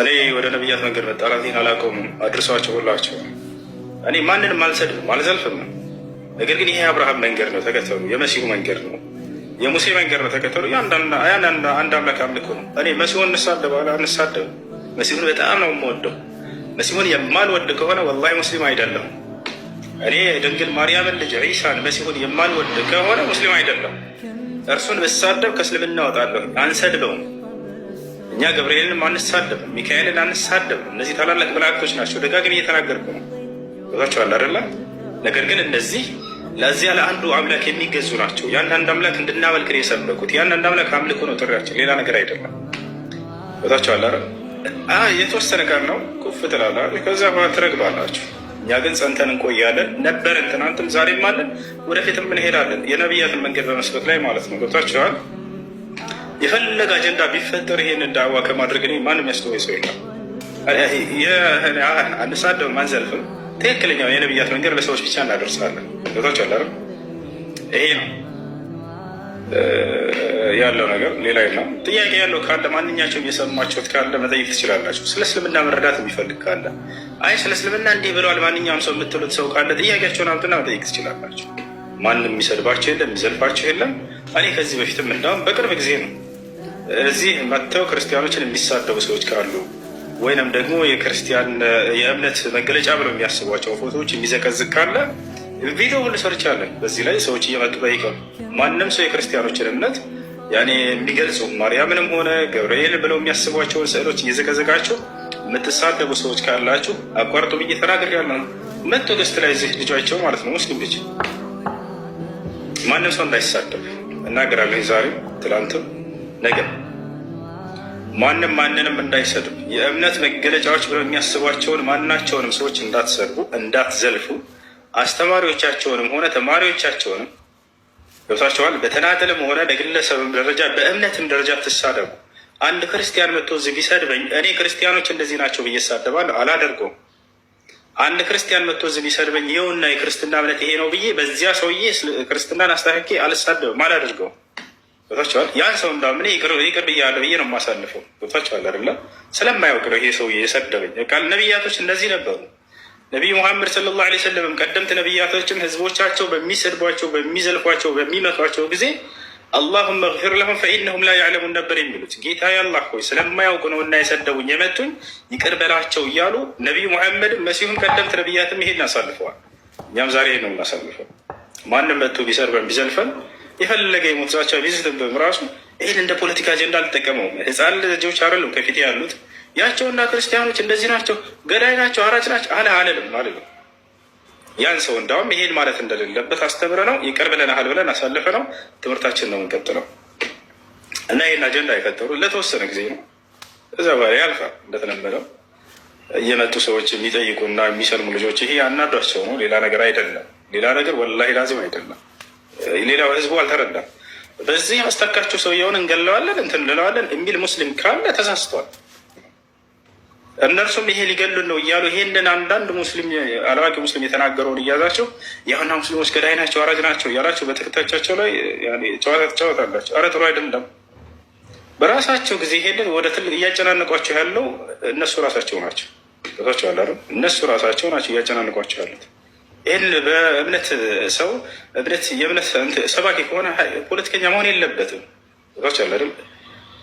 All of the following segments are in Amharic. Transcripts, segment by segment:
እኔ ወደ ነቢያት መንገድ መጣራቴን አላቆሙም፣ አድርሷቸው ሁላቸው። እኔ ማንንም አልሰድብም፣ አልዘልፍም። ነገር ግን ይሄ አብርሃም መንገድ ነው ተከተሉ፣ የመሲሁ መንገድ ነው፣ የሙሴ መንገድ ነው ተከተሉ። አንድ አምላክ አምልኮ ነው። እኔ መሲሁን እንሳደብ አንሳደብ፣ መሲሁን በጣም ነው የምወደው። መሲሁን የማልወድ ከሆነ ወላሂ ሙስሊም አይደለም። እኔ ድንግል ማርያምን ልጅ ዒሳን መሲሁን የማልወድ ከሆነ ሙስሊም አይደለም። እርሱን ብሳደብ ከእስልምና እወጣለሁ፣ አንሰድበውም እኛ ገብርኤልንም አንሳደብ፣ ሚካኤልን አንሳደብ። እነዚህ ታላላቅ መላእክቶች ናቸው። ደጋግን እየተናገርኩ ነው። ገባችኋል አደለ። ነገር ግን እነዚህ ለዚያ ለአንዱ አምላክ የሚገዙ ናቸው። ያን አንድ አምላክ እንድናመልክ ነው የሰበኩት። ያን አንድ አምላክ አምልኮ ነው ጥሪያቸው፣ ሌላ ነገር አይደለም። ገባችኋል የተወሰነ ቀን ነው ቁፍ ትላላችሁ፣ ከዚያ ትረግባላችሁ። እኛ ግን ጸንተን እንቆያለን። ነበርን፣ ትናንትም ዛሬም አለን፣ ወደፊትም እንሄዳለን። የነቢያትን መንገድ በመስበክ ላይ ማለት ነው። ቦታቸዋል የፈለገ አጀንዳ ቢፈጠር ይሄን ዳዋ ከማድረግ እኔ ማንም ያስተወይ ሰው የለም። አንሳደብም፣ አንዘልፍም። ትክክለኛው የነብያት መንገድ ለሰዎች ብቻ እናደርሳለን። ቶች አለ ይሄ ነው ያለው ነገር፣ ሌላ የለም። ጥያቄ ያለው ካለ ማንኛቸውም የሰማችሁት ካለ መጠየቅ ትችላላችሁ። ስለ እስልምና መረዳት የሚፈልግ ካለ አይ ስለ እስልምና እንዲህ ብለዋል ማንኛውም ሰው የምትሉት ሰው ካለ ጥያቄያቸውን አምጡና መጠየቅ ትችላላችሁ። ማንም የሚሰድባቸው የለም፣ የሚዘልፋቸው የለም። እኔ ከዚህ በፊትም እንዳውም በቅርብ ጊዜ ነው እዚህ መጥተው ክርስቲያኖችን የሚሳደቡ ሰዎች ካሉ ወይንም ደግሞ የክርስቲያን የእምነት መገለጫ ብለው የሚያስቧቸው ፎቶዎች የሚዘቀዝቅ ካለ ቪዲዮ ሁሉ ሰርቻለን። በዚህ ላይ ሰዎች እየመጡ ጠይቀው ማንም ሰው የክርስቲያኖችን እምነት ያኔ የሚገልጹ ማርያምንም ሆነ ገብርኤል ብለው የሚያስቧቸውን ስዕሎች እየዘቀዘቃችሁ የምትሳደቡ ሰዎች ካላችሁ አቋርጡ ብዬ ተናግሬ ያለ ነው። መጥቶ ገስት ላይ እዚህ ልጇቸው ማለት ነው ሙስሊም ልጅ ማንም ሰው እንዳይሳደብ እናገራለሁ። ዛሬ ትላንትም ነገር ማንም ማንንም እንዳይሰድብ የእምነት መገለጫዎች ብለው የሚያስቧቸውን ማናቸውንም ሰዎች እንዳትሰድቡ፣ እንዳትዘልፉ አስተማሪዎቻቸውንም ሆነ ተማሪዎቻቸውንም ገብቷቸዋል። በተናጠልም ሆነ በግለሰብም ደረጃ በእምነትም ደረጃ ትሳደቡ። አንድ ክርስቲያን መጥቶ እዚህ ቢሰድበኝ እኔ ክርስቲያኖች እንደዚህ ናቸው ብዬ እሳደባለሁ? አላደርገውም። አንድ ክርስቲያን መጥቶ እዚህ ቢሰድበኝ ይኸውና የክርስትና እምነት ይሄ ነው ብዬ በዚያ ሰውዬ ክርስትናን አስታክኬ አልሳደብም፣ አላደርገውም። ገብቷችኋል። ያን ሰው እንዳምን ይቅር ብያለሁ ብዬ ነው የማሳልፈው። ገብቷችኋል አይደለ? ስለማያውቅ ነው ይሄ ሰውዬ የሰደበኝ። ቃል ነቢያቶች እነዚህ ነበሩ። ነቢይ ሙሐመድ ሰለላሁ ዐለይሂ ወሰለም ቀደምት ነቢያቶችም ህዝቦቻቸው በሚሰድቧቸው፣ በሚዘልፏቸው፣ በሚመቷቸው ጊዜ አላሁመ እግፊር ለሁም ፈኢነሁም ላ ያዕለሙን ነበር የሚሉት። ጌታ አላህ ሆይ ስለማያውቁ ነው እና የሰደቡኝ የመቱኝ ይቅር በላቸው እያሉ ነቢይ ሙሐመድ መሲሁም ቀደምት ነቢያትም ይሄን አሳልፈዋል። እኛም ዛሬ ነው እናሳልፈው። ማንም መቶ ቢሰርበን ቢዘልፈን የፈለገ የሞት ዛቻ ቢዝትብም ራሱ ይህን እንደ ፖለቲካ አጀንዳ አልጠቀመውም። ህፃን ልጆች አይደሉም ከፊት ያሉት ያቸውና ክርስቲያኖች እንደዚህ ናቸው፣ ገዳይ ናቸው፣ አራጭ ናቸው አለ አለልም ማለት ያን ሰው እንዳውም ይሄን ማለት እንደሌለበት አስተምረ ነው ይቅር ብለናል ብለን አሳልፈ ነው ትምህርታችን ነው የምንቀጥለው እና ይህን አጀንዳ የፈጠሩ ለተወሰነ ጊዜ ነው። እዛ በኋላ ያልፋ እንደተለመደው እየመጡ ሰዎች የሚጠይቁና የሚሰልሙ ልጆች ይሄ አናዷቸው ነው፣ ሌላ ነገር አይደለም። ሌላ ነገር ወላሂ ላዚም አይደለም። ሌላው ህዝቡ አልተረዳም። በዚህ ያመስተካችሁ ሰውየውን እንገለዋለን እንትን እንለዋለን የሚል ሙስሊም ካለ ተሳስቷል። እነርሱም ይሄ ሊገሉን ነው እያሉ ይሄንን አንዳንድ ሙስሊም አላዋቂ ሙስሊም የተናገረውን እያዛቸው ያሁና ሙስሊሞች ገዳይ ናቸው፣ አራጅ ናቸው እያላቸው በተከታዮቻቸው ላይ ጨዋታ ትጫወታላቸው። አረ ጥሩ አይደለም። በራሳቸው ጊዜ ይሄንን ወደ ትልቅ እያጨናንቋቸው ያለው እነሱ ራሳቸው ናቸው። እነሱ ራሳቸው ናቸው እያጨናንቋቸው ያሉት። ይህን በእምነት ሰው እምነት የእምነት ሰባኪ ከሆነ ፖለቲከኛ መሆን የለበትም። አይደል?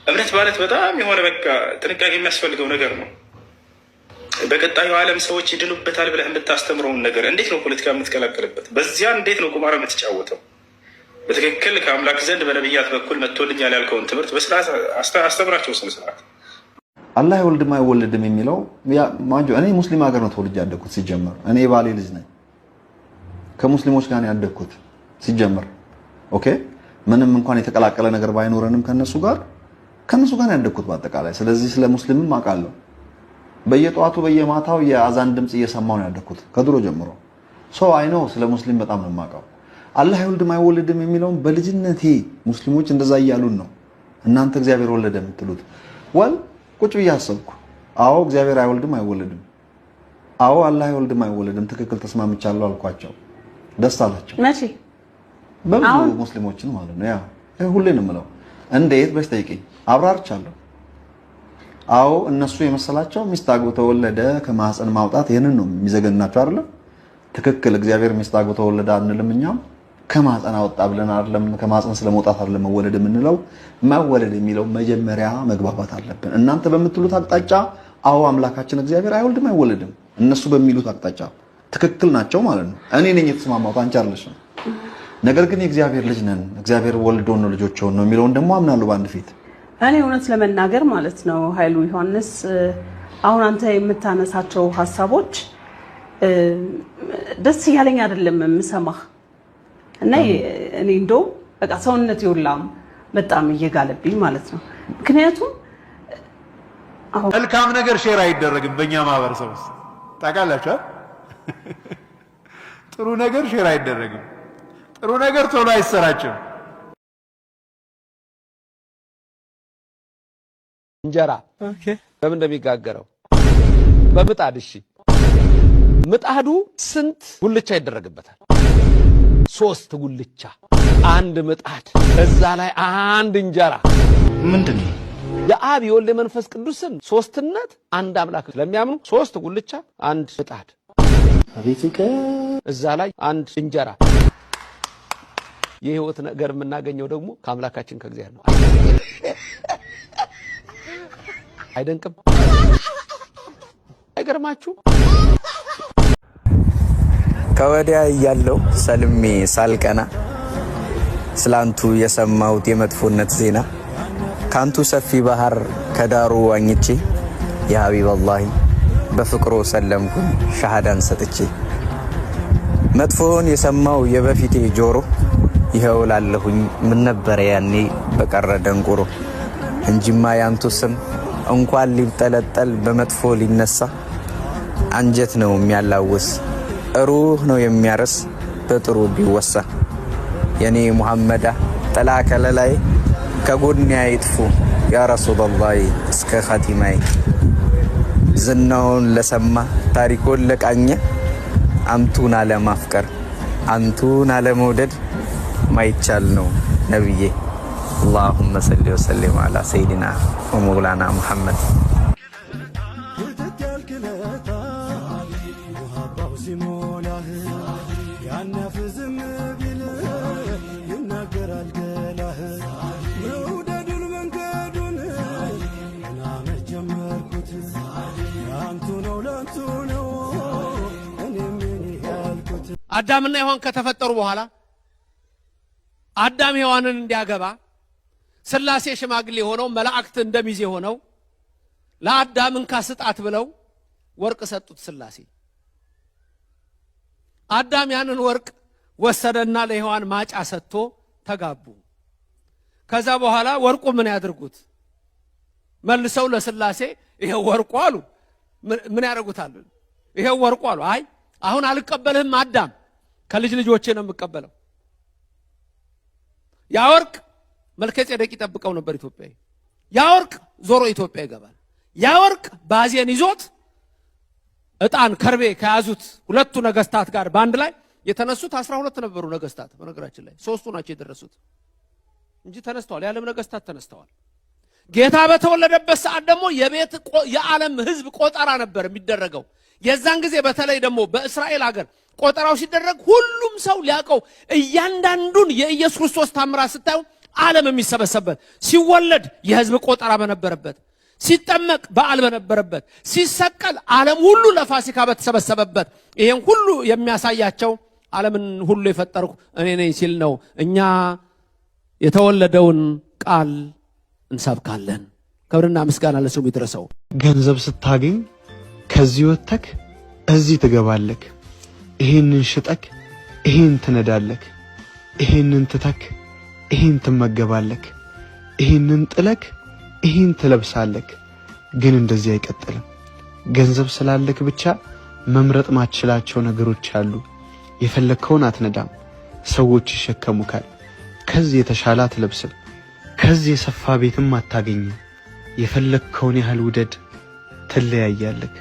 እምነት ማለት በጣም የሆነ በቃ ጥንቃቄ የሚያስፈልገው ነገር ነው። በቀጣዩ ዓለም ሰዎች ይድኑበታል ብለህ የምታስተምረውን ነገር እንዴት ነው ፖለቲካ የምትቀላቀልበት? በዚያ እንዴት ነው ቁማር የምትጫወተው? በትክክል ከአምላክ ዘንድ በነብያት በኩል መጥቶልኛል ያልከውን ትምህርት በስርዓት አስተምራቸው። ስነ ስርዓት አላህ አይወልድም አይወልድም የሚለው እኔ ሙስሊም ሀገር ነው ተወልጄ ያደኩት። ሲጀመር እኔ የባሌ ልጅ ነኝ ከሙስሊሞች ጋር ነው ያደግኩት ሲጀምር። ኦኬ ምንም እንኳን የተቀላቀለ ነገር ባይኖረንም ከነሱ ጋር ከነሱ ጋር ያደኩት ያደግኩት በአጠቃላይ። ስለዚህ ስለ ሙስሊምም አውቃለሁ። በየጠዋቱ በየማታው የአዛን ድምፅ እየሰማሁ ነው ያደግኩት ከድሮ ጀምሮ። ሰው አይ ነው ስለ ሙስሊም በጣም ነው የማውቀው። አላህ አይወልድም አይወልድም የሚለውን በልጅነቴ ሙስሊሞች እንደዛ እያሉን ነው እናንተ እግዚአብሔር ወለደ የምትሉት። ወል ቁጭ ብዬ አሰብኩ። አዎ እግዚአብሔር አይወልድም አይወልድም። አዎ አላህ አይወልድም አይወለድም ትክክል ተስማምቻለሁ አልኳቸው። ደስታ አላቸው። መቼ በብዙ ሙስሊሞችን ማለት ነው። ሁሌ ነው የምለው። እንዴት በሽ ጠይቀኝ አብራርቻለሁ። አዎ እነሱ የመሰላቸው ሚስት አግብቶ ተወለደ ከማህፀን ማውጣት ይህንን ነው የሚዘገናቸው አይደለም። ትክክል እግዚአብሔር ሚስት አግብቶ ተወለደ አንልም። እኛም ከማህፀን አወጣ ብለን አይደለም። ከማፀን ስለመውጣት አይደለም መወለድ የምንለው። መወለድ የሚለው መጀመሪያ መግባባት አለብን። እናንተ በምትሉት አቅጣጫ አዎ አምላካችን እግዚአብሔር አይወልድም አይወለድም፣ እነሱ በሚሉት አቅጣጫ ትክክል ናቸው ማለት ነው። እኔ ነኝ የተስማማሁት አንቺ አይደለሽም። ነገር ግን የእግዚአብሔር ልጅ ነን፣ እግዚአብሔር ወልዶ ነው ልጆች ሆን ነው የሚለውን ደግሞ አምናለሁ በአንድ ፊት። እኔ እውነት ለመናገር ማለት ነው ኃይሉ ዮሐንስ፣ አሁን አንተ የምታነሳቸው ሀሳቦች ደስ እያለኝ አይደለም የምሰማህ እና እኔ እንደውም በቃ ሰውነት ይውላም በጣም እየጋለብኝ ማለት ነው። ምክንያቱም መልካም ነገር ሼር አይደረግም በእኛ ማህበረሰብ ውስጥ ታውቃላችሁ። ጥሩ ነገር ሼር አይደረግም። ጥሩ ነገር ቶሎ አይሰራጭም። እንጀራ በምን እንደሚጋገረው በምጣድ እሺ፣ ምጣዱ ስንት ጉልቻ ይደረግበታል? ሶስት ጉልቻ፣ አንድ ምጣድ፣ እዛ ላይ አንድ እንጀራ። ምንድን ነው የአብ የወልድ የመንፈስ ቅዱስን ሶስትነት አንድ አምላክ ለሚያምኑ ሶስት ጉልቻ፣ አንድ ምጣድ አቤት እዛ ላይ አንድ እንጀራ የህይወት ነገር የምናገኘው ደግሞ ከአምላካችን ከእግዚአብሔር ነው። አይደንቅም? አይገርማችሁ? ከወዲያ እያለው ሰልሜ ሳልቀና ስላንቱ የሰማሁት የመጥፎነት ዜና ካንቱ ሰፊ ባህር ከዳሩ ዋኝቼ የሀቢብ አላሂ በፍቅሩ ሰለምኩኝ ሻሃዳን ሰጥቼ መጥፎውን የሰማው የበፊቴ ጆሮ ይኸው ላለሁኝ ምን ነበረ ያኔ በቀረ ደንቁሮ እንጂማ ያንቱ ስም እንኳን ሊጠለጠል በመጥፎ ሊነሳ አንጀት ነው የሚያላውስ እሩህ ነው የሚያረስ በጥሩ ቢወሳ የኔ ሙሐመዳ ጥላ ከለላይ ከጎን አይጥፉ ያ ረሱለላህ እስከ ኸቲማይ ዝናውን ለሰማ ታሪኮን ለቃኘ አንቱን አለማፍቀር አንቱን አለመውደድ ማይቻል ነው ነብዬ። አላሁመ ሰሊ ወሰሊም አላ ሰይድና ወመውላና ሙሐመድ አዳምና ሔዋን ከተፈጠሩ በኋላ አዳም ሔዋንን እንዲያገባ ስላሴ ሽማግሌ ሆነው መላእክት እንደሚዜ ሆነው ለአዳም እንካ ስጣት ብለው ወርቅ ሰጡት። ስላሴ አዳም ያንን ወርቅ ወሰደና ለሔዋን ማጫ ሰጥቶ ተጋቡ። ከዛ በኋላ ወርቁ ምን ያድርጉት? መልሰው ለስላሴ ይሄ ወርቁ አሉ። ምን ያደርጉታል? ይሄ ወርቁ አሉ። አይ አሁን አልቀበልህም አዳም ከልጅ ልጆቼ ነው የምቀበለው። ያ ወርቅ መልከ ጼዴቅ ይጠብቀው ነበር ኢትዮጵያዊ። ያ ወርቅ ዞሮ ኢትዮጵያ ይገባል። ያ ወርቅ ባዜን ይዞት እጣን ከርቤ ከያዙት ሁለቱ ነገስታት ጋር በአንድ ላይ የተነሱት አስራ ሁለት ነበሩ ነገስታት። በነገራችን ላይ ሶስቱ ናቸው የደረሱት እንጂ ተነስተዋል። የዓለም ነገስታት ተነስተዋል። ጌታ በተወለደበት ሰዓት ደግሞ የቤት የዓለም ህዝብ ቆጠራ ነበር የሚደረገው። የዛን ጊዜ በተለይ ደግሞ በእስራኤል ሀገር ቆጠራው ሲደረግ ሁሉም ሰው ሊያውቀው እያንዳንዱን የኢየሱስ ክርስቶስ ታምራት ስታዩ ዓለም የሚሰበሰብበት ሲወለድ የህዝብ ቆጠራ በነበረበት ሲጠመቅ በዓል በነበረበት ሲሰቀል ዓለም ሁሉ ለፋሲካ በተሰበሰበበት ይሄን ሁሉ የሚያሳያቸው ዓለምን ሁሉ የፈጠርኩ እኔ ነኝ ሲል ነው። እኛ የተወለደውን ቃል እንሰብካለን። ክብርና ምስጋና ለስሙ ይድረሰው። ገንዘብ ስታገኝ ከዚህ ወጥተክ እዚህ ትገባለክ። ይሄንን ሽጠክ ይሄን ትነዳለክ፣ ይሄንን ትተክ ይሄን ትመገባለክ፣ ይሄንን ጥለክ ይሄን ትለብሳለክ። ግን እንደዚህ አይቀጥልም። ገንዘብ ስላለክ ብቻ መምረጥ ማትችላቸው ነገሮች አሉ። የፈለግከውን አትነዳም፣ ሰዎች ይሸከሙካል። ከዚህ የተሻለ አትለብስም፣ ከዚህ የሰፋ ቤትም አታገኝም። የፈለግከውን ያህል ውደድ፣ ትለያያለክ።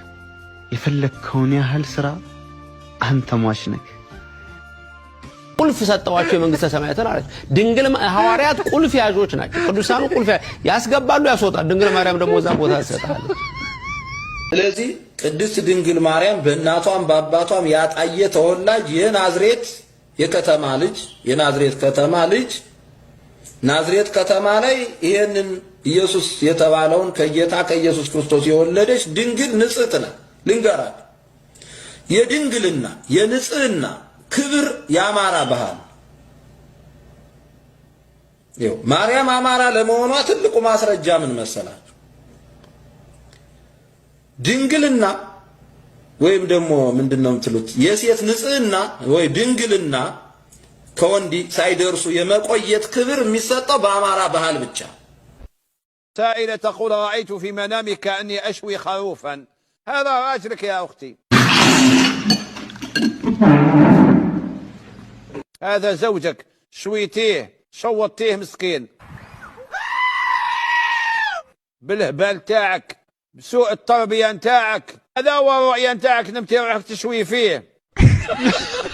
የፈለግከውን ያህል ስራ አንተ ሟች ነህ። ቁልፍ ሰጠዋቸው የመንግስተ ሰማያትን አለች። ድንግል ሐዋርያት ቁልፍ ያዦች ናቸው። ቅዱሳኑ ቁልፍ ያስገባሉ፣ ያስወጣል። ድንግል ማርያም ደግሞ እዛ ቦታ ትሰጣለች። ስለዚህ ቅድስት ድንግል ማርያም በእናቷም በአባቷም ያጣየ ተወላጅ የናዝሬት የከተማ ልጅ የናዝሬት ከተማ ልጅ ናዝሬት ከተማ ላይ ይሄንን ኢየሱስ የተባለውን ከጌታ ከኢየሱስ ክርስቶስ የወለደች ድንግል ንጽሕት ነ ልንገራል يدنقلنا ينسئنا كبر يا مارا بهان يو ماريا ما مارا لمونا تلقوا ماسر الجامن مثلا دنجلنا ويم دمو من دنو تلوت يس يس نسئنا وي دنقلنا كوندي سايدرسو يمكو يت كبر مسطا بامارا بها بتشا سائلة تقول رأيت في منامك أني أشوي خروفا هذا راجلك يا أختي هذا زوجك شويتيه شوطتيه مسكين بالهبال تاعك بسوء التربية نتاعك هذا هو الرؤية نتاعك نمتي روحك تشوي فيه